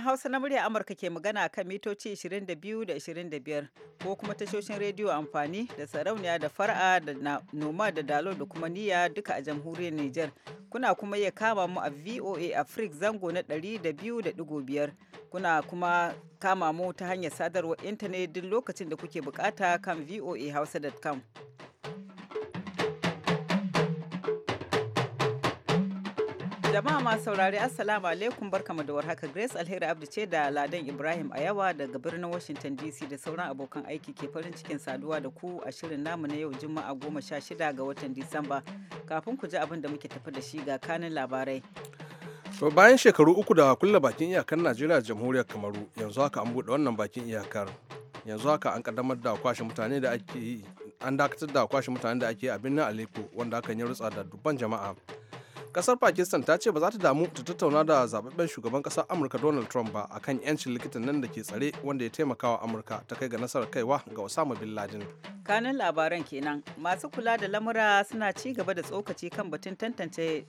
Sashen Hausa na murya Amurka ke magana kan mitoci 22 da 25 ko kuma tashoshin rediyo amfani da sarauniya da fara da noma da dalo da kuma niyya duka a jamhuriyar Nijar. Kuna kuma iya kama mu a VOA Africa zango na 200.5 kuna kuma kama mu ta hanyar sadarwar intanet duk lokacin da kuke bukata kan voahausa.com. Jama'a masu saurari Assalamu alaikum barkamu da warhaka Grace Alheri Abdu ce da Ladan Ibrahim a yawa daga birnin Washington DC da sauran abokan aiki ke farin cikin saduwa da ku a shirin namu na yau Juma'a goma sha shida ga watan Disamba. Kafin ku ji abin da muke tafi da shi ga kanin labarai. To bayan shekaru uku da kulle bakin iyakar Najeriya da Jamhuriyar Kamaru yanzu haka an buɗe wannan bakin iyakar. Yanzu haka an kaddamar da kwashe mutane da ake an dakatar da kwashe mutane da ake a birnin aleko wanda aka ya rutsa da dubban jama'a. kasar pakistan ta ce ba za ta damu ta tattauna da zababben shugaban kasar amurka donald trump ba akan yancin likitan nan da ke tsare wanda ya taimaka wa amurka ta kai ga nasarar kaiwa ga osama bin laden kanin labaran kenan masu kula da lamura suna ci gaba da tsokaci kan batun tantance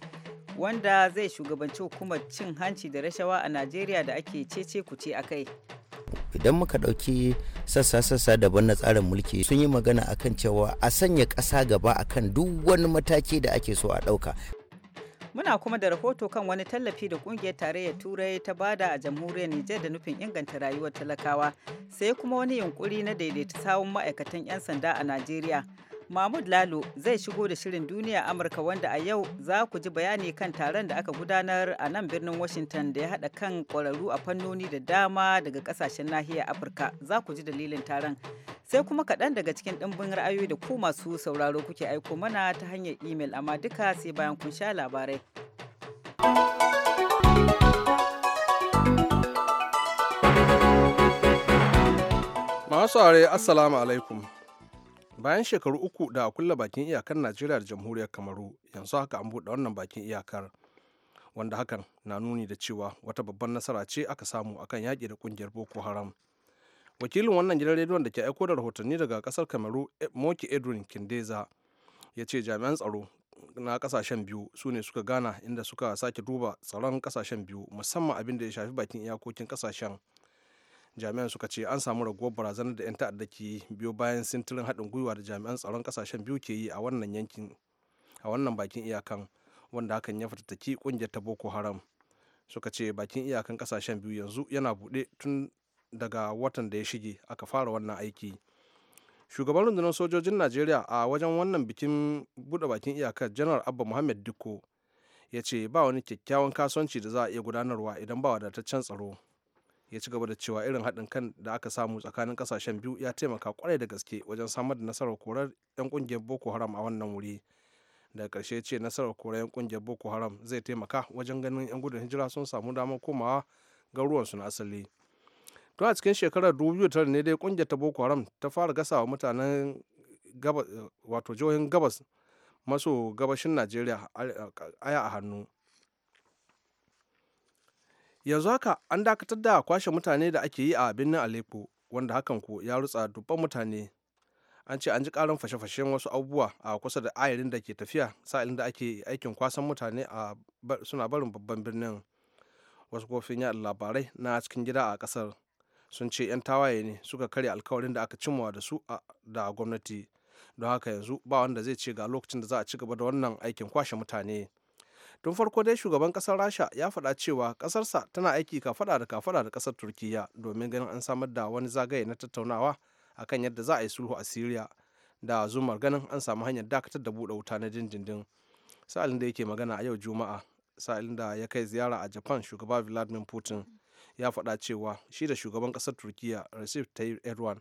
wanda zai shugabanci hukumar cin hanci da rashawa a najeriya da ake cece kuce a kai idan muka ɗauki sassa-sassa daban na tsarin mulki sun yi magana akan cewa a sanya kasa gaba akan duk wani mataki da ake so a ɗauka Muna kuma da rahoto kan wani tallafi da kungiyar tarayyar Turai ta bada a jamhuriyar Nijar da nufin inganta rayuwar talakawa, sai kuma wani yunkuri na daidaita sawun ma'aikatan 'yan sanda a Najeriya. Mahmud Lalo zai shigo da shirin duniya Amurka wanda a yau za ku ji bayani kan taron da aka gudanar a nan birnin Washington da ya haɗa kan ƙwararru a fannoni da dama daga ƙasashen nahiyar Afirka. Za ku ji dalilin taron. Sai kuma kaɗan daga cikin ɗimbin ra'ayoyi da ku masu sauraro kuke aiko mana ta hanyar imel amma duka sai bayan kun sha labarai. Masu are assalamu alaikum. bayan shekaru uku da kulle bakin iyakar najeriya da jamhuriyar kamaru yanzu haka an buɗe wannan bakin iyakar wanda hakan na nuni da cewa wata babban nasara ce aka samu a kan yaƙi da ƙungiyar boko haram wakilin wannan gidan rediyon da ke aiko da rahotanni daga ƙasar kamaru e, moki edwin kindeza ya ce jami'an tsaro na kasashen biyu su ne suka gana inda suka sake duba tsaron kasashen biyu musamman abin da ya shafi bakin iyakokin kasashen jami'an suka ce an samu raguwar barazanar da 'yan ta'adda ke biyo bayan sintirin haɗin gwiwa da jami'an tsaron ƙasashen biyu ke yi a wannan yankin a wannan bakin iyakan wanda hakan ya fatattaki ƙungiyar ta boko haram suka ce bakin iyakan ƙasashen biyu yanzu yana buɗe tun daga watan da ya shige aka fara wannan aiki shugaban rundunar sojojin najeriya a wajen wannan bikin buɗe bakin iyakar janar abba muhammad dikko ya ce ba wani kyakkyawan kasuwanci da za a iya gudanarwa idan ba wadataccen tsaro ya ci gaba da cewa irin haɗin kan da aka samu tsakanin ƙasashen biyu ya taimaka kwarai da gaske wajen samar da nasarar korar 'yan ƙungiyar boko haram a wannan wuri daga ƙarshe ce nasarar korar 'yan ƙungiyar boko haram zai taimaka wajen ganin 'yan gudun hijira sun samu damar komawa garuruwansu na asali tun a cikin shekarar 2009 ne dai ƙungiyar ta boko haram ta fara gasawa mutanen wato jihohin gabas maso gabashin najeriya aya a hannu yanzu haka an dakatar da kwashe mutane da ake yi a birnin aleppo wanda hakan ku ya rutsa dubban mutane an ce an ji karin fashe-fashen wasu abubuwa a kusa da ayarin da ke tafiya sa'ilin da ake aikin kwasan mutane a suna barin babban birnin wasu kofin yada labarai na cikin gida a kasar sun ce 'yan tawaye ne suka karya alkawarin da aka cimma da su da gwamnati don haka yanzu ba wanda zai ce ga lokacin da za a ci gaba da wannan aikin kwashe mutane tun farko dai shugaban kasar rasha ya faɗa cewa kasarsa tana aiki kafaɗa da kafada da kasar turkiya domin ganin an samar da wani zagaye na tattaunawa akan yadda za a yi sulhu a syria da zumar ganin an samu hanyar dakatar da buɗe wuta na dindindin sa'ilin da yake magana a yau juma'a sa'ilin da ya kai ziyara a japan shugaba vladimir putin ya faɗa cewa shi da shugaban ƙasar turkiya recep tayyip erdogan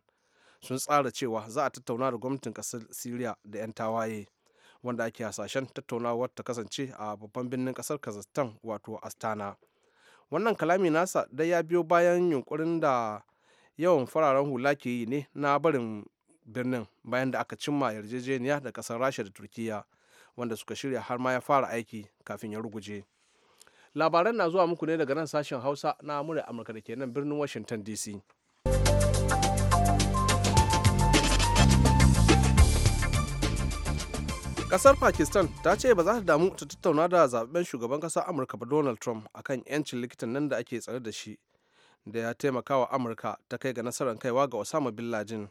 sun tsara cewa za a tattauna da gwamnatin ƙasar syria da 'yan tawaye wanda ake hasashen tattaunawar ta kasance a babban birnin kasar kazastan wato astana wannan kalami nasa dai ya biyo bayan yunkurin da yawan fararen hula ke yi ne na barin birnin bayan da aka cimma yarjejeniya da kasar rasha da turkiya wanda suka shirya har ma ya fara aiki kafin ya ruguje labaran na zuwa muku ne daga nan sashen hausa na amurka da ke nan birnin washington dc kasar pakistan ta ce ba za ta damu ta tattauna da zaben shugaban kasar amurka ba donald trump akan yancin likitan nan da ake tsare da shi da ya taimaka wa amurka ta kai ga nasarar kaiwa ga osama bin laden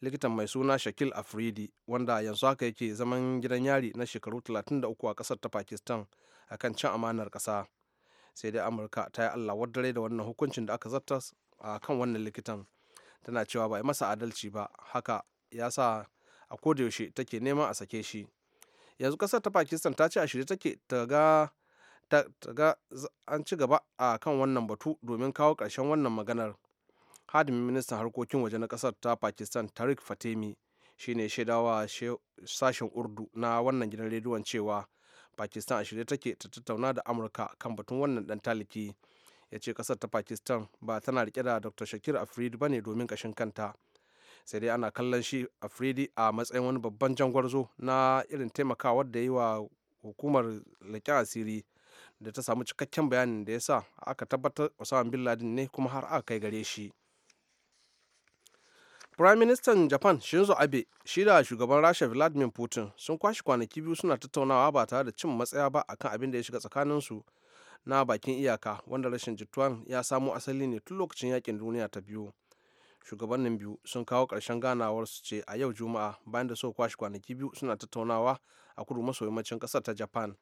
likitan mai suna shakil afridi wanda yanzu haka yake zaman gidan yari na shekaru 33 a kasar ta pakistan akan cin amanar kasa sai dai amurka ta yi allah wadare da wannan hukuncin da aka zata a kan wannan likitan tana cewa ba masa adalci ba haka ya sa a yaushe take neman a sake shi yanzu kasar ta pakistan ta ce a shirye take ta ga an ci gaba a kan wannan batu domin kawo karshen wannan maganar hadimin ministan harkokin waje na kasar ta pakistan tarik fatemi shine shaidawa sashen urdu na wannan gidan rediyon cewa pakistan a shirye take ta tattauna da amurka kan batun wannan dan taliki ya ce ƙasar ta pakistan ba tana rike da dr shakir afrid ba ne domin kashin kanta sai dai ana kallon shi a fredi a matsayin wani babban jangwarzo na irin taimakawa da yi wa hukumar laƙi asiri da ta samu cikakken bayanin da ya sa aka tabbatar osama bin laden ne kuma har aka kai gare shi prime minister japan shinzo abe shi da shugaban rasha vladimir putin sun kwashe kwanaki biyu suna tattaunawa ba tare da cin matsaya ba akan abin da ya shiga tsakaninsu na bakin iyaka wanda rashin jituwan ya samo asali ne tun lokacin yakin duniya ta biyu shugabannin biyu sun kawo ƙarshen ganawar su ce a yau juma'a bayan da so kwashe kwanaki biyu suna tattaunawa a kudu maso yammacin ƙasar ta japan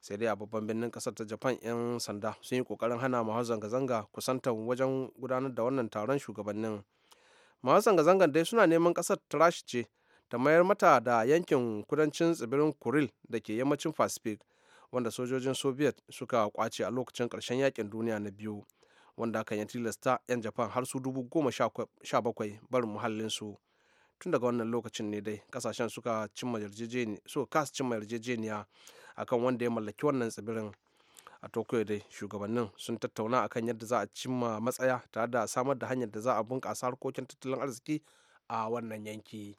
sai dai a babban birnin ƙasar ta japan 'yan sanda sun yi ƙoƙarin hana masu zanga-zanga kusantar wajen gudanar da wannan taron shugabannin masu zanga-zangan dai suna neman ƙasar rashi ce ta mayar mata da yankin kudancin tsibirin kuril da ke yammacin pacific wanda sojojin soviet suka kwace a lokacin ƙarshen yakin duniya na biyu wanda kan ya tilasta 'yan japan har su dubu goma sha bakwai barin muhallinsu tun daga wannan lokacin ne dai kasashen suka cimma yarjejeniya so kasa cimma yarjejeniya akan wanda ya mallaki wannan tsibirin a tokyo dai shugabannin sun tattauna akan yadda za a cimma matsaya tare da samar da hanyar da za a bunƙasa harkokin tattalin arziki a wannan yanki.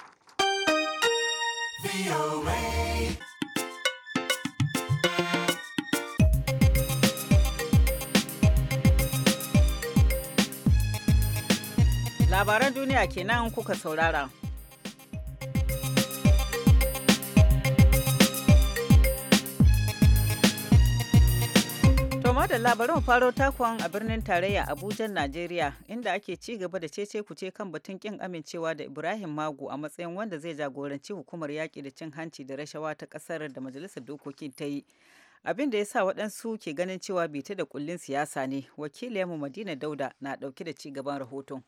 Labaran duniya kenan kuka saurara. Toma da labarin faro takon a birnin tarayya Abuja, Najeriya, inda ake ci gaba da cece kuce kan batun kin amincewa da Ibrahim Magu a matsayin wanda zai jagoranci hukumar yaƙi da cin hanci da rashawa ta ƙasar da Majalisar Dokokin ta yi. Abin da ya sa waɗansu ke ganin cewa bita da kullin siyasa ne, wakilinmu Madina Dauda na ɗauke da ci gaban rahoton.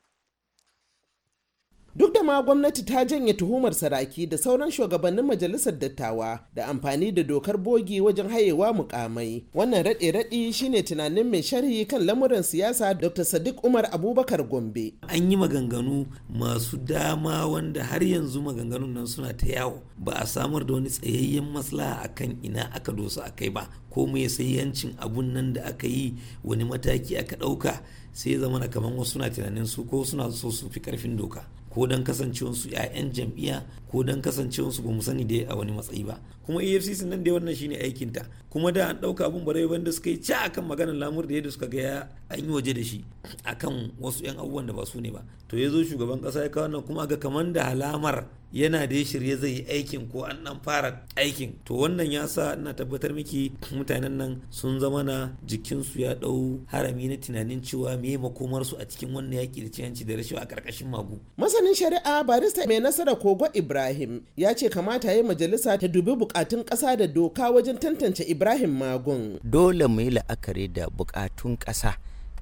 duk da ma gwamnati ta janye tuhumar saraki da sauran shugabannin majalisar dattawa da amfani da dokar bogi wajen hayewa mukamai wannan raɗe-raɗi shine tunanin mai sharhi kan lamuran siyasa dr sadiq umar abubakar gombe an yi maganganu masu dama wanda har yanzu maganganun nan suna ta yawo ba a samar da wani tsayayyen maslaha akan ina aka dosa akai ba ko mai yancin abun nan da aka yi wani mataki aka ɗauka sai zamana kamar wasu na tunanin su ko suna so su fi karfin doka ko don kasancewarsu 'ya'yan jam'iyya ko don kasancewarsu ba mu sani da a wani matsayi ba kuma efcc nan dai wannan shine aikinta kuma da an ɗauka abin bare wanda suka yi ci akan maganar lamur da yadda suka ga ya an yi waje da shi akan wasu 'yan abubuwan da ba su ne ba to ya zo shugaban ƙasa ya kawo nan kuma ga kamar da halamar yana da ya shirye zai yi aikin ko an dan fara aikin to wannan ya sa ina tabbatar miki mutanen nan sun zama na jikinsu ya dau harami na tunanin cewa me su a cikin wannan yaki da ciyanci da rashawa a karkashin magu masanin shari'a barista mai nasara kogo ibrahim ya ce kamata ya majalisa ta dubi bukatun kasa da doka wajen tantance ibrahim magun dole mu yi la'akari da bukatun kasa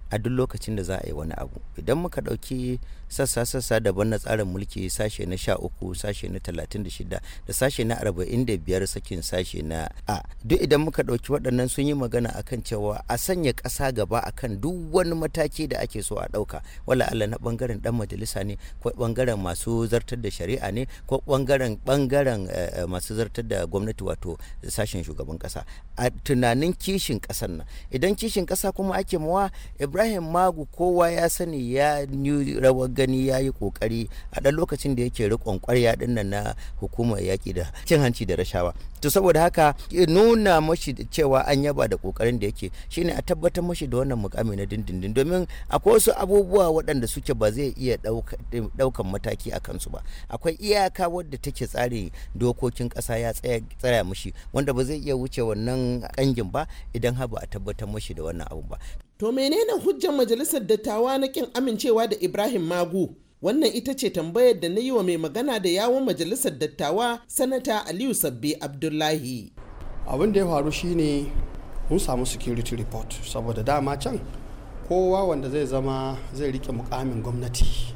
a duk lokacin da za a yi wani abu idan muka ɗauki sassa-sassa daban na tsarin mulki sashe na 13 sashe na 36 da sashe na 45 sakin sashe na a duk idan muka ɗauki waɗannan sun yi magana akan cewa a sanya ƙasa gaba a kan duk wani mataki da ake so a ɗauka wala Allah na ɓangaren ɗan majalisa ne ko ɓangaren masu zartar da shari'a ne ko ɓangaren ɓangaren eh, eh, masu zartar da gwamnati wato sashen shugaban ƙasa a tunanin kishin ƙasar nan idan kishin ƙasa kuma ake mawa Ibrahim Magu kowa ya sani ya rawa gani ya yi kokari a ɗan lokacin da yake riƙon ƙwarya ɗin nan na hukumar yaƙi da cin hanci da rashawa to saboda haka nuna mashi cewa an yaba da ƙoƙarin da yake shine a tabbatar mashi da wannan mukami na dindindin domin akwai wasu abubuwa waɗanda suke ba zai iya ɗaukan mataki a kansu ba akwai iyaka wadda take tsari dokokin ƙasa ya tsaya mashi wanda ba zai iya wuce wannan ƙangin ba idan har ba a tabbatar mashi da wannan abu ba To menene hujjar majalisar dattawa na kin amincewa da Ibrahim Magu? Wannan ita ce tambayar da na yi wa mai magana da yawon majalisar dattawa sanata Aliyu Sabbi Abdullahi. Abin da ya faru shine mun samu security report saboda dama can kowa wanda zai zama zai rike mukamin gwamnati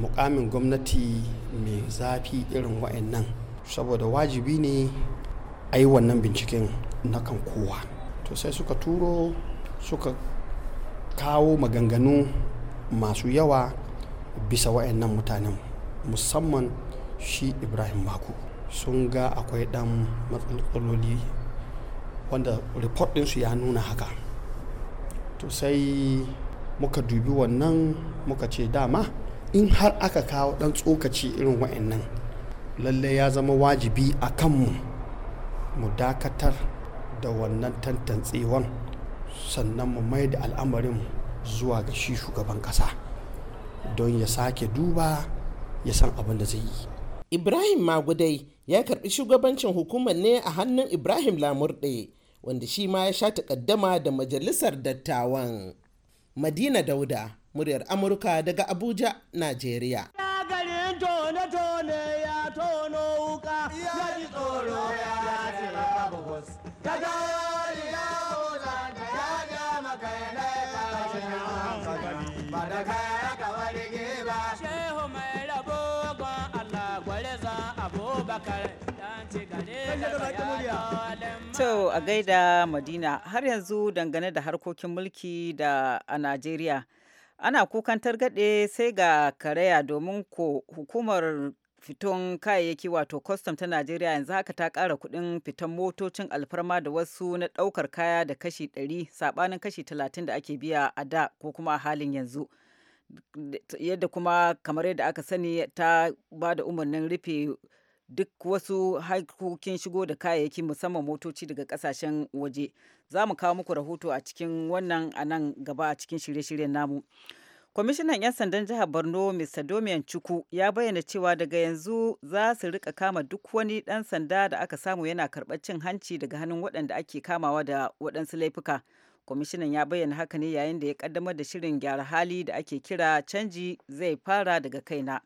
mukamin gwamnati mai zafi irin wa'annan saboda wajibi ne a yi wannan binciken na kan kowa to sai suka turo suka kawo maganganu masu yawa bisa wa'annan mutanen musamman shi ibrahim mako sun ga akwai dan matsaloli wanda report su ya nuna haka to sai muka dubi wannan muka ce dama in har aka kawo dan tsokaci irin wa'annan lalle ya zama wajibi a kanmu mu dakatar da wannan tantancewan sannan mu mai da al'amarin zuwa ga shi shugaban kasa don ya sake duba ya san abin da zai yi ibrahim magudai ya karbi shugabancin hukumar ne a hannun ibrahim lamurde wanda shi ma ya sha takaddama da majalisar dattawan madina dauda muryar amurka daga abuja najeriya yau a gaida Madina har yanzu dangane da harkokin mulki da a Najeriya. Ana kukan targaɗe sai ga karaya domin ko hukumar fiton kayayyaki wato kwastam ta Najeriya yanzu haka ta ƙara kuɗin fitan motocin alfarma da wasu na ɗaukar kaya da kashi 100 saɓanin kashi 30 da ake biya a da ko kuma a halin yanzu. Yadda kuma kamar yadda aka sani ta ba da umarnin rufe duk wasu haikokin shigo da kayayyaki musamman motoci daga kasashen waje za mu kawo muku rahoto a cikin wannan a nan gaba a cikin shirye-shiryen namu kwamishinan 'yan sandan jihar borno mr domian chuku ya bayyana cewa daga yanzu za su rika kama duk wani dan sanda da aka samu yana karɓar cin hanci daga hannun waɗanda ake kamawa da waɗansu laifuka kwamishinan ya bayyana haka ne yayin da ya ƙaddamar da shirin gyara hali da ake kira canji zai fara daga kaina.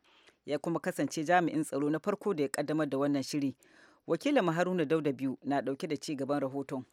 ya kuma kasance jami'in tsaro na farko da ya kaddamar da wannan shiri wakilin haruna dauda biyu na dauke da ci gaban rahoton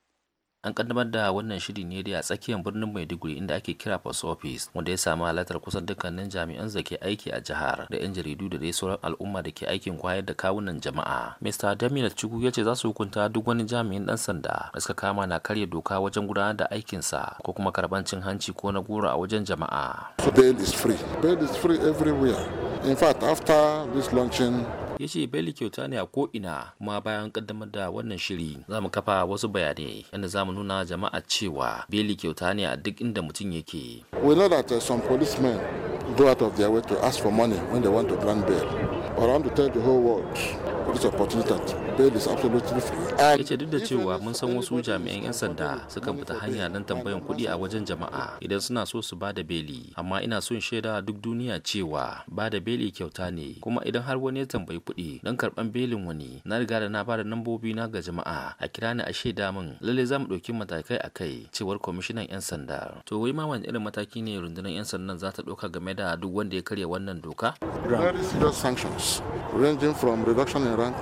an kaddamar da wannan shiri ne dai a tsakiyar birnin maiduguri inda ake kira post office wanda ya samu halartar kusan dukkanin jami'an da ke aiki a jihar da yan jaridu da dai sauran al'umma da ke aikin kwayar da kawunan jama'a mr damina chugu ya ce za su hukunta duk wani jami'in dan sanda da suka kama na karya doka wajen gudanar da aikinsa ko kuma karban cin hanci ko na goro a wajen jama'a bail is free bail is free everywhere in fact after this launching ya ce beli kyauta ne a ko'ina kuma bayan kaddamar da wannan shiri za mu kafa wasu bayanai yadda za mu nuna jama'a cewa beli kyauta ne a duk inda mutum yake. We know that uh, some policemen go out of their way to ask for money when they want to grant bail or want to tell the whole world this opportunity that bail is absolutely free. Ya ce duk da cewa mun san wasu jami'an 'yan sanda sukan fita hanya don tambayan kuɗi a wajen jama'a idan suna so su ba da beli. Amma ina son shaida duk duniya cewa ba da beli kyauta ne kuma idan har wani ya tambayi kuɗi don karɓan belin wani na riga da na ba da nambobi na ga jama'a a kira ni a shaida min lalle za mu ɗauki matakai a kai cewar kwamishinan 'yan sanda. To wai ma wani irin mataki ne rundunar 'yan sandan za ta ɗauka game da duk wanda ya karya wannan doka? Very serious rank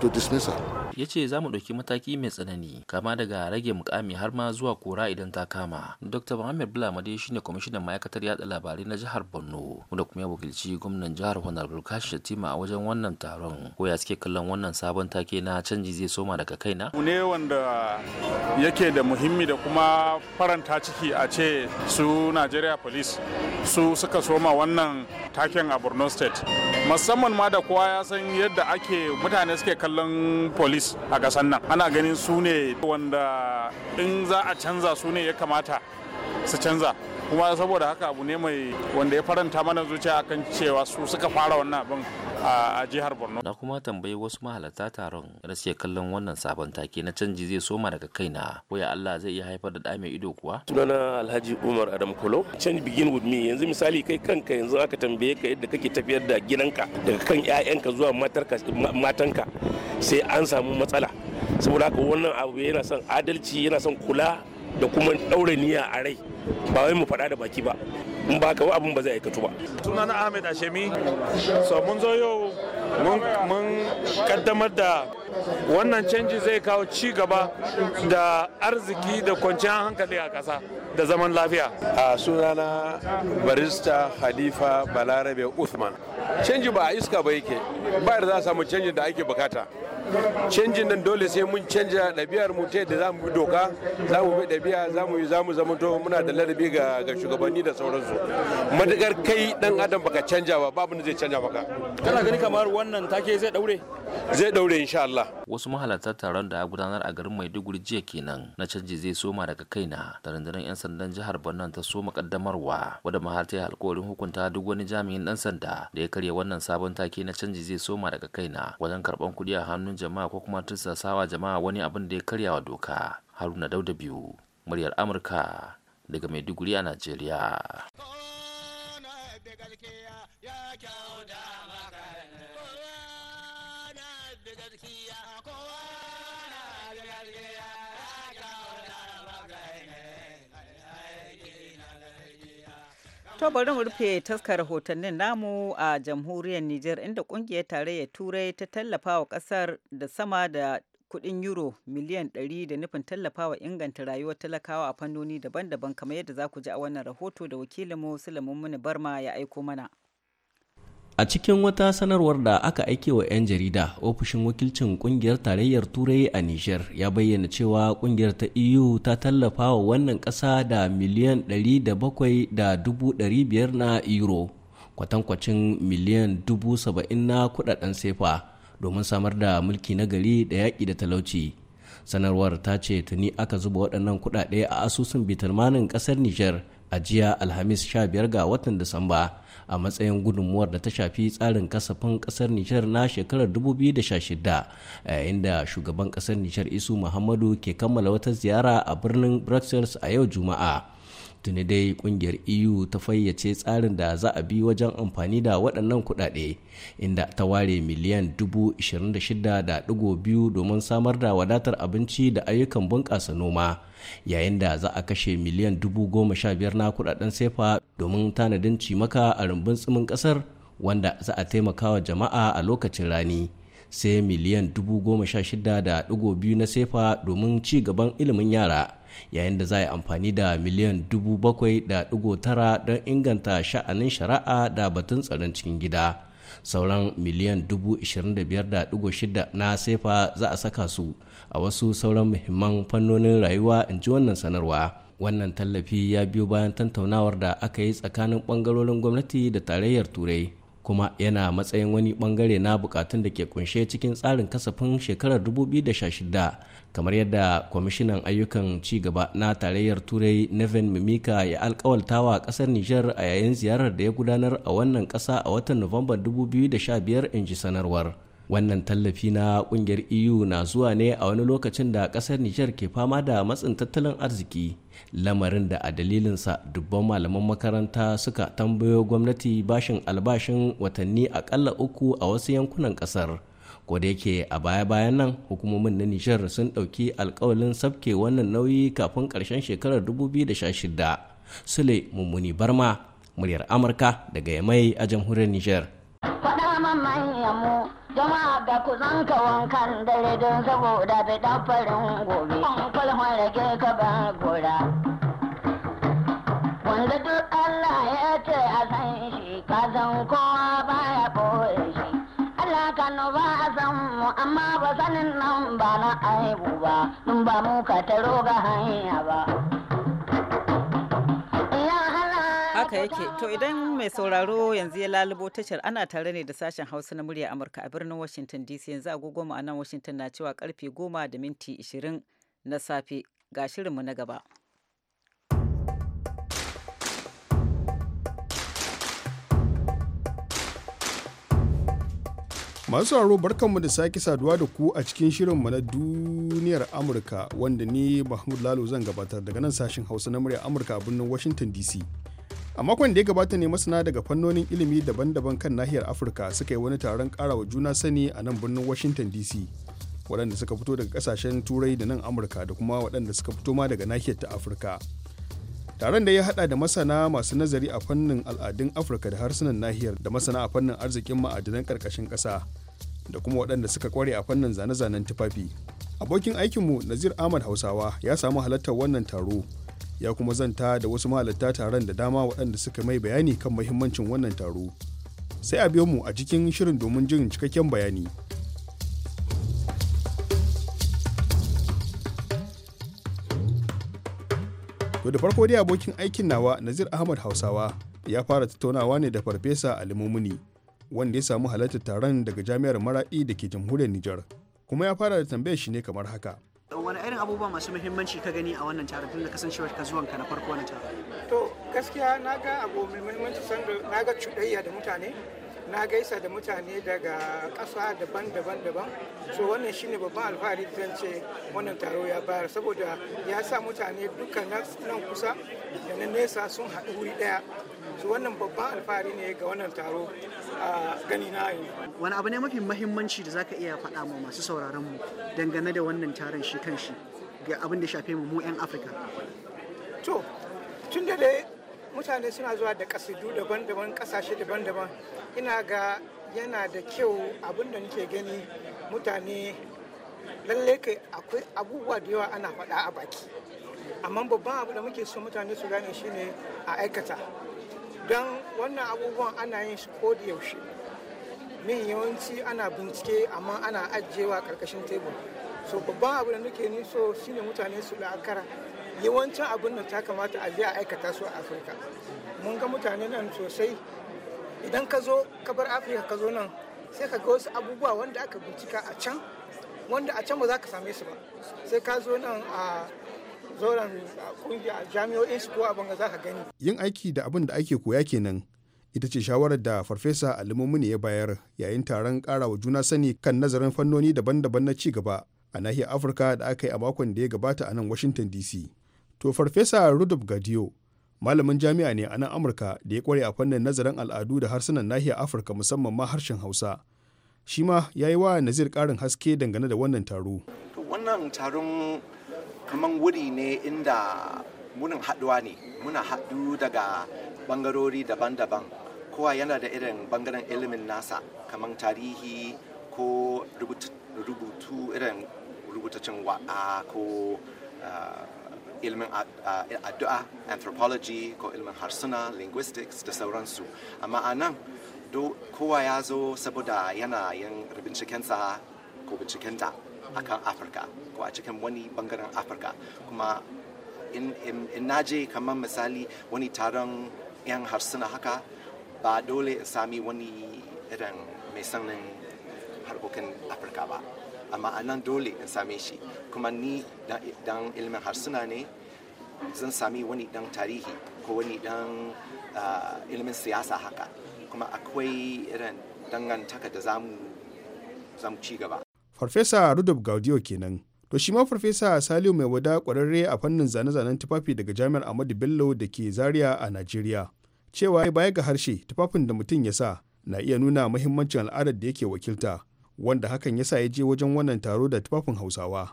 to dismissal. ya ce za mu ɗauki mataki mai tsanani kama daga rage mukami har ma zuwa kora idan ta kama dr muhammad bulamade shine kwamishinan ma'aikatar yada labarai na jihar borno wanda kuma ya wakilci gwamnan jihar honorable kashi shatima a wajen wannan taron ko ya suke kallon wannan sabon take na canji zai soma daga kaina ne wanda yake da muhimmi da kuma faranta ciki a ce su nigeria police su suka soma wannan taken a borno state musamman ma da kowa ya san yadda ake mutane suke kallon police police a ƙasar nan ana ganin su ne wanda in za a canza su ne ya kamata su canza kuma saboda haka abu ne mai wanda ya faranta mana zuciya akan cewa su suka fara wannan abin a jihar borno na kuma tambayi wasu mahalarta taron da suke kallon wannan sabon take na canji zai soma daga kaina ko ya allah zai iya haifar da ɗa mai ido kuwa sunana alhaji umar adam kolo change begin with me yanzu misali kai kanka yanzu aka tambaye ka yadda kake tafiyar da gidanka daga kan 'ya'yanka zuwa matanka sai an samu matsala saboda haka wannan abu yana son adalci yana son kula da kuma ɗaure niyya a rai ba wai mu faɗa da baki ba in ba ka abin ba zai aikatu ba sunana ahmed ashemi so mun zo yau mun kaddamar da wannan canji zai kawo ci gaba da arziki da kwanciyar hankali a ƙasa da zaman lafiya a sunana barista halifa balarabe Usman. canji ba a iska ba yake ba za a samu canjin da ake bukata canjin nan dole sai mun canja ɗabi'ar mu ta yadda za mu bi doka za mu bi ɗabi'a za mu za mu zamanto muna da ladabi ga shugabanni da sauransu madigar kai dan adam baka canja ba babu ne zai canja maka kana gani kamar wannan take zai daure zai daure insha Allah wasu mahalarta taron da gudanar a garin Maiduguri jiya kenan na canji zai soma daga kaina da rundunar yan sandan jihar Borno ta soma kaddamarwa wadda maharta ya alkawarin hukunta duk wani jami'in dan sanda da ya karya wannan sabon take na canji zai soma daga kaina wajen karban kuɗi a hannun jama'a ko kuma tursasawa jama'a wani abin da ya wa doka haruna dauda biyu muryar amurka daga maiduguri a najeriya To bari mu rufe taskar rahotannin namu a jamhuriyar Nijar inda kungiyar tarayyar Turai ta tallafa wa kasar da sama da kudin euro miliyan 100 da nufin tallafawa inganta rayuwar talakawa a fannoni daban-daban kamar yadda za ku ji a wannan rahoto da wakilinmu Sulaiman Muni Barma ya aiko mana. A cikin wata sanarwar da aka aike wa 'yan jarida, ofishin wakilcin kungiyar tarayyar Turai a Nijar ya bayyana cewa kungiyar ta EU ta tallafa wa wannan ƙasa da miliyan 700 na euro, kwatankwacin miliyan 70 na kudaden sefa domin samar da mulki na gari da yaƙi da talauci. Sanarwar ta ce tuni aka zuba waɗannan kudade a asusun bitalmanin ƙasar Nijar. a jiya alhamis 15 ga watan disamba a matsayin gudunmuwar da ta shafi tsarin kasafin kasar nijar na shekarar 2016 yayin da shugaban kasar nijar isu muhammadu ke kammala wata ziyara a birnin brussels a yau juma'a tuni dai kungiyar eu ta fayyace tsarin da za a bi wajen amfani da waɗannan kuɗaɗe inda ta ware miliyan 26.2 domin samar da wadatar abinci da ayyukan bunƙasa noma yayin da za a kashe miliyan dubu goma sha biyar na kudaden sefa domin tanadin cimaka a rumbun tsimin kasar wanda za a taimaka wa jama'a a lokacin rani sai miliyan dubu goma sha shida da digo biyu na sefa domin ci gaban ilimin yara yayin da za a yi amfani da miliyan dubu bakwai da digo tara don inganta sha'anin shari'a da batun tsaron cikin gida sauran miliyan 25.6 na sefa za a saka su a wasu sauran muhimman fannonin rayuwa in ji wannan sanarwa wannan tallafi ya biyo bayan tantaunawar da aka yi tsakanin bangarorin gwamnati da tarayyar turai kuma yana matsayin wani bangare na bukatun da ke kunshe cikin tsarin kasafin shekarar 2016 kamar yadda kwamishinan ayyukan ci gaba na tarayyar turai neven mimika ya alkawaltawa kasar niger a yayin ziyarar da ya gudanar a wannan kasa a watan nuwamban 2015 in ji sanarwar wannan tallafi na kungiyar eu na zuwa ne a wani lokacin da kasar niger ke fama da matsin tattalin arziki lamarin da a dalilinsa dubban malaman makaranta suka tambayo gwamnati bashin albashin watanni akalla uku a wasu yankunan kasar yake a baya-bayan nan hukumomin na niger sun ɗauki alkawalin sabke wannan nauyi kafin karshen shekarar 2016 sule mummuni barma muryar amurka daga yamai a jamhuriyar niger. jama'a da ku zanka wankan dare don saboda bai dan ngwobi gobe an kwalhon rage ka ban gora wanda duk Allah ya ce a san shi ka san kowa baya boye shi Allah ka ba a san mu amma ba sanin nan ba na aibu ba nun ba mu ka taro ga hanya ba haka yake to idan mai sauraro yanzu ya lalubo tashar ana tare ne da sashen hausa na murya amurka a birnin washington dc yanzu agogo mu a nan washington na cewa karfe goma da minti 20 na safe ga shirinmu na gaba masu sauraro barkanmu da sake saduwa da ku a cikin shirinmu na duniyar amurka wanda ni mahmud lalo zan gabatar daga nan sashen hausa na murya amurka a birnin washington dc a makon da ya gabata ne masana daga fannonin ilimi daban-daban kan nahiyar afirka suka yi wani taron karawa juna sani a nan birnin washington dc waɗanda suka fito daga kasashen turai da nan amurka da kuma waɗanda suka fito ma daga nahiyar ta afirka taron da ya hada da masana masu nazari a fannin al'adun afirka da harsunan nahiyar da masana a fannin arzikin ma'adanan karkashin ƙasa da kuma waɗanda suka kware a fannin zane-zanen tufafi abokin aikinmu nazir ahmad hausawa ya samu halartar wannan taro ya kuma zanta da wasu mahalarta taron da dama waɗanda suka mai bayani kan mahimmancin wannan taro sai a biyo mu a cikin shirin domin jin cikakken bayani to da farko dai abokin aikin nawa nazir ahmad hausawa ya fara tattaunawa ne da farfesa alimomini wanda ya samu halartar taron daga jami'ar maraɗi da ke jamhuriyar nijar kuma ya fara da tambayar shi ne kamar haka wani irin abubuwa masu muhimmanci ka gani a wannan taron tun da kasancewar ka zuwan ka na farko wannan taron to gaskiya na ga abu mai muhimmanci da na ga cuɗayya da mutane na gaisa da mutane daga ƙasa daban-daban daban so wannan shine babban alfahari da zan ce wannan taro ya bayar saboda ya sa mutane dukkan nan kusa da na nesa sun haɗu wuri ɗaya su wannan babban alfahari ne ga wannan taro a gani na yi wani abu ne mafi mahimmanci da zaka iya faɗa ma masu sauraron mu dangane da wannan taron shi kan shi ga abin da shafe mu mu 'yan afirka to tun da dai mutane suna zuwa da kasidu daban-daban kasashe daban-daban ina ga yana da kyau abin da nake gani mutane lalle kai akwai abubuwa da yawa ana faɗa a baki amma babban abu da muke so mutane su gane shine a aikata don wannan abubuwan ana yin shi ko da yaushe min yawanci ana bincike amma ana ajiyewa karkashin tebur so babban abu da nake ni so shine mutane su la'akara yawancin abin da ta kamata a biya a aikata su a afirka mun ga mutane nan sosai idan ka zo ka afirka ka zo nan sai ka ga wasu abubuwa wanda aka bincika a can wanda a can ba za ka same su ba sai ka zo nan a zauren kungiya jami'o'in su ka gani. Yin aiki da abin da ake koya kenan ita ce shawarar da farfesa ne ya bayar yayin taron kara wa juna sani kan nazarin fannoni daban-daban na ci gaba a nahiyar afirka da aka yi a makon da ya gabata a nan washington dc to farfesa rudolf gadio malamin jami'a ne a nan amurka da ya kware a fannin nazarin al'adu da harsunan nahiyar afirka musamman ma harshen hausa shi ma ya yi wa nazir karin haske dangane da wannan taro wannan taron kamar wuri ne inda munin haɗuwa ne muna haɗu daga bangarori daban-daban kowa yana da irin bangaren ilimin nasa kamar tarihi ko rubutu irin rubutacin wa'a ko eh, ilimin addu'a anthropology ko ilimin harsuna linguistics da sauransu amma a nan kowa ya zo saboda yana yin bincikensa ko bincikenta a kan afirka ko a cikin wani bangaren afirka kuma in, na je kamar misali wani taron 'yan harsuna haka ba dole in sami wani irin mai sanin harkokin afirka ba amma a nan dole in same shi kuma ni dan ilimin harsuna ne zan sami wani dan tarihi ko wani dan ilimin siyasa haka kuma akwai irin dangantaka da zamu ci gaba farfesa rudolf gaudio kenan to shi ma farfesa saliu mai wada kwararre a fannin zane-zanen tufafi daga jami'ar ahmadu bello da ke zaria a najeriya cewa baya ga harshe tufafin da mutum ya sa na iya nuna mahimmancin al'adar da yake wakilta wanda hakan ya sa ya je wajen wannan taro da tufafin hausawa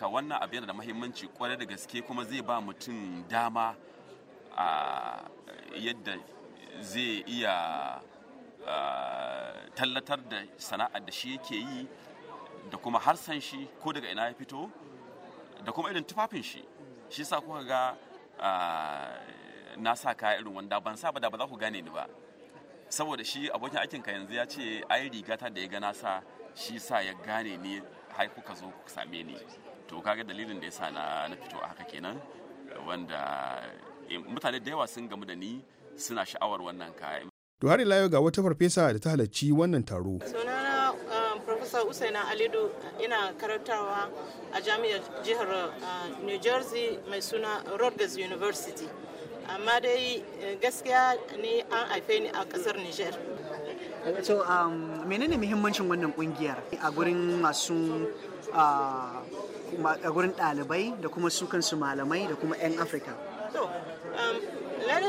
ka wannan abu yana da mahimmanci kwarai da gaske kuma zai ba mutum dama a yadda zai iya tallatar da sana'ar da shi yake yi da kuma harsan shi ko daga ina ya fito da kuma irin tufafin shi shi sa kuka ga ah, na sa kaya irin wanda ban sa ba da ba za ku gane ni ba saboda shi abokin aikin ka yanzu ya ce ai rigata da ya ga na sa shi sa ya gane ni har kuka zo ku same ni to kaga dalilin da ya sa na na fito a haka kenan wanda eh, mutane da yawa sun gamu da ni suna sha'awar wannan kaya to har ila ga wata farfesa da ta halarci wannan taro Professor Usaina Alidu ina karantarwa a jami'ar jihar New Jersey mai suna Rutgers University. Amma dai eh, gaskiya ni an haife ni a kasar Niger. So, um, menene muhimmancin wannan kungiyar a gurin masu a gurin ɗalibai da kuma su kansu malamai da kuma 'yan Afrika. So, um,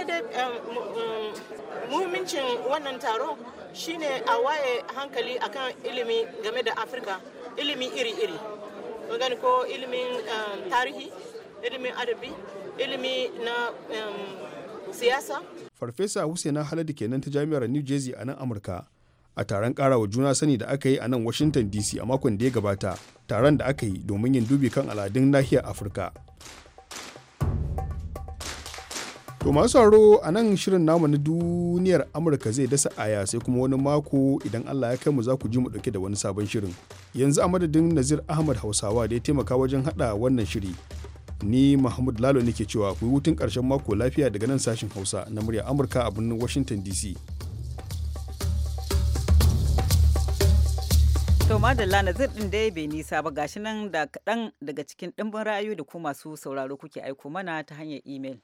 da um, um, muhimmancin wannan taro shine a waye hankali akan ilimi game da afirka ilimi iri-iri gani ko ilimin um, tarihi ilimin adabi ilimi na um, siyasa farfesa husaina haladu kenan ta jami'ar new jersey a nan amurka a taron karawa juna sani da aka yi a nan washington dc a makon da ya gabata taron da aka yi domin yin dubi kan aladun nahiyar afirka To masu sauraro a nan shirin namu na duniyar Amurka zai dasa aya sai kuma wani mako idan Allah ya kai mu za ku ji mu dauke da wani sabon shirin. Yanzu a madadin Nazir Ahmad Hausawa da ya taimaka wajen hada wannan shiri. Ni Mahmud Lalo nake cewa ku yi hutun karshen mako lafiya daga nan sashin Hausa na murya Amurka a birnin Washington DC. To madalla Nazir ɗin dai bai nisa ba gashi nan da kaɗan daga cikin ɗimbin ra'ayoyi da ku masu sauraro kuke aiko mana ta hanyar imel.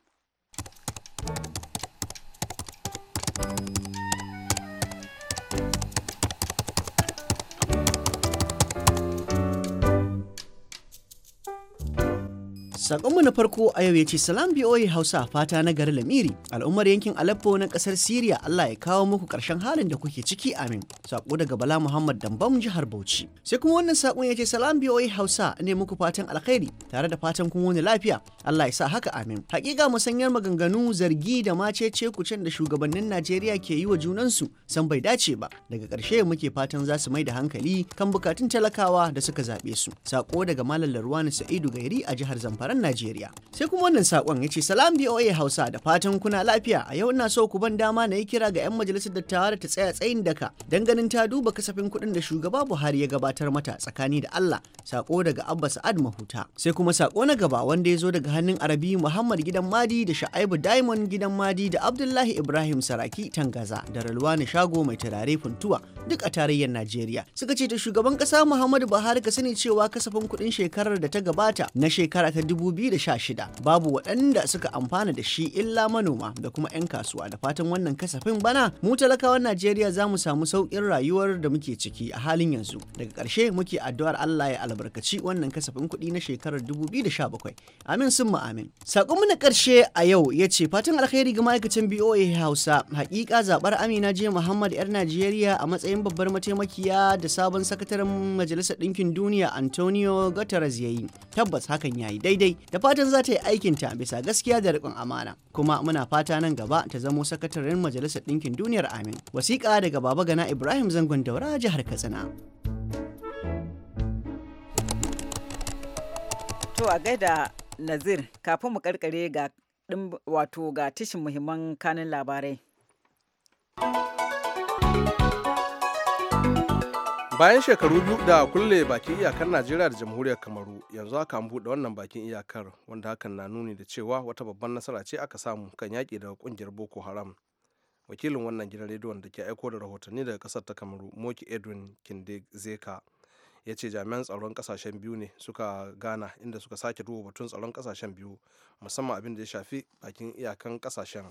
Sakonmu na farko a yau ya ce salam BOA Hausa fata na gari Lamiri al'ummar yankin Aleppo na kasar Syria Allah ya kawo muku karshen halin da kuke ciki amin. Sako daga Bala Muhammad Dambam jihar Bauchi. Sai kuma wannan sakon ya ce salam BOA Hausa ne muku fatan alkhairi tare da fatan kun wani lafiya Allah ya sa haka amin. Hakika musanyar maganganu zargi da macece can da shugabannin Najeriya ke yi wa junansu san bai dace ba. Daga ƙarshe muke fatan za su mai da hankali kan bukatun talakawa da suka zaɓe su. Sako daga Malam Larwani Sa'idu Gairi a jihar Zamfara ƙasar Najeriya. Sai kuma wannan saƙon ya ce salam BOA Hausa da fatan kuna lafiya a yau ina so ku ban dama na yi kira ga 'yan majalisar dattawa da ta tsaya tsayin daka don ganin ta duba kasafin kuɗin da shugaba Buhari ya gabatar mata tsakani da Allah sako daga Abba Sa'ad Mahuta. Sai kuma sako na gaba wanda ya zo daga hannun Arabi Muhammad Gidan Madi da Sha'aibu Diamond Gidan Madi da Abdullahi Ibrahim Saraki Tangaza da Ralwani Shago mai turare funtuwa duk a tarayyar Najeriya. Suka ce da shugaban kasa Muhammadu Buhari ka sani cewa kasafin kuɗin shekarar da ta gabata na shekara ta da 2016 babu waɗanda suka amfana da shi illa manoma da kuma 'yan kasuwa da fatan wannan kasafin bana mu talakawan Najeriya za mu samu sauƙin rayuwar da muke ciki a halin yanzu. Daga ƙarshe muke addu'ar Allah ya albarkaci wannan kasafin kuɗi na shekarar 2017. Amin sun amin. Sakonmu na ƙarshe a yau ya ce fatan alkhairi ga ma'aikacin BOA Hausa hakika zaɓar Amina J Muhammad 'yar Najeriya a matsayin matsayin babbar mataimakiya da sabon sakataren Majalisar Ɗinkin Duniya Antonio Guterres ya yi. Tabbas hakan ya yi daidai da fatan za ta yi aikinta bisa gaskiya da riƙon amana. Kuma muna fata nan gaba ta zamo sakataren Majalisar Ɗinkin Duniyar Amin. Wasiƙa daga Baba Gana Ibrahim Zangon Daura jihar Katsina. To a gaida Nazir kafin mu karkare ga wato ga tashin muhimman kanin labarai. bayan shekaru biyu da kulle bakin iyakar najeriya da jamhuriyar kamaru yanzu haka an buɗe wannan bakin iyakar wanda hakan na nuni da cewa wata babban nasara ce aka samu kan yaƙi daga ƙungiyar boko haram wakilin wannan gidan rediyon da ke aiko da rahotanni daga kasar ta kamaru moki edwin kindezeka ya ce jami'an tsaron kasashen biyu ne suka gana inda suka sake duba batun tsaron kasashen biyu musamman abin da ya shafi bakin iyakan kasashen.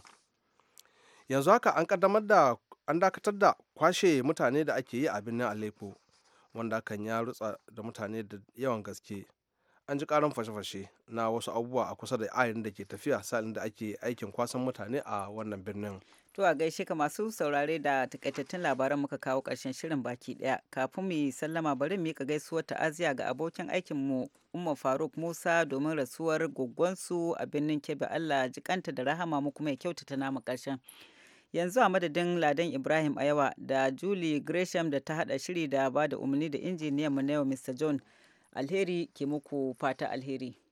yanzu haka an kaddamar da an dakatar da kwashe mutane da ake yi a birnin aleppo wanda kan ya rutsa da mutane da yawan gaske an ji karan fashe-fashe na wasu abubuwa a kusa da ayin da ke tafiya salin da ake aikin kwasan mutane a wannan birnin to a gaishe ka masu saurare da takaitattun labaran muka kawo karshen shirin baki daya kafin mu sallama bari mu yi gaisuwar ta'aziya ga abokin aikin mu umma faruk musa domin rasuwar goggonsu a birnin kebe allah jikanta da rahama mu kuma ya kyautata namu karshen yanzu a madadin ladan ibrahim ayawa da julie gresham da ta hada shiri da ba da umarni da injiniyan mu na yau mr john alheri ke muku fata alheri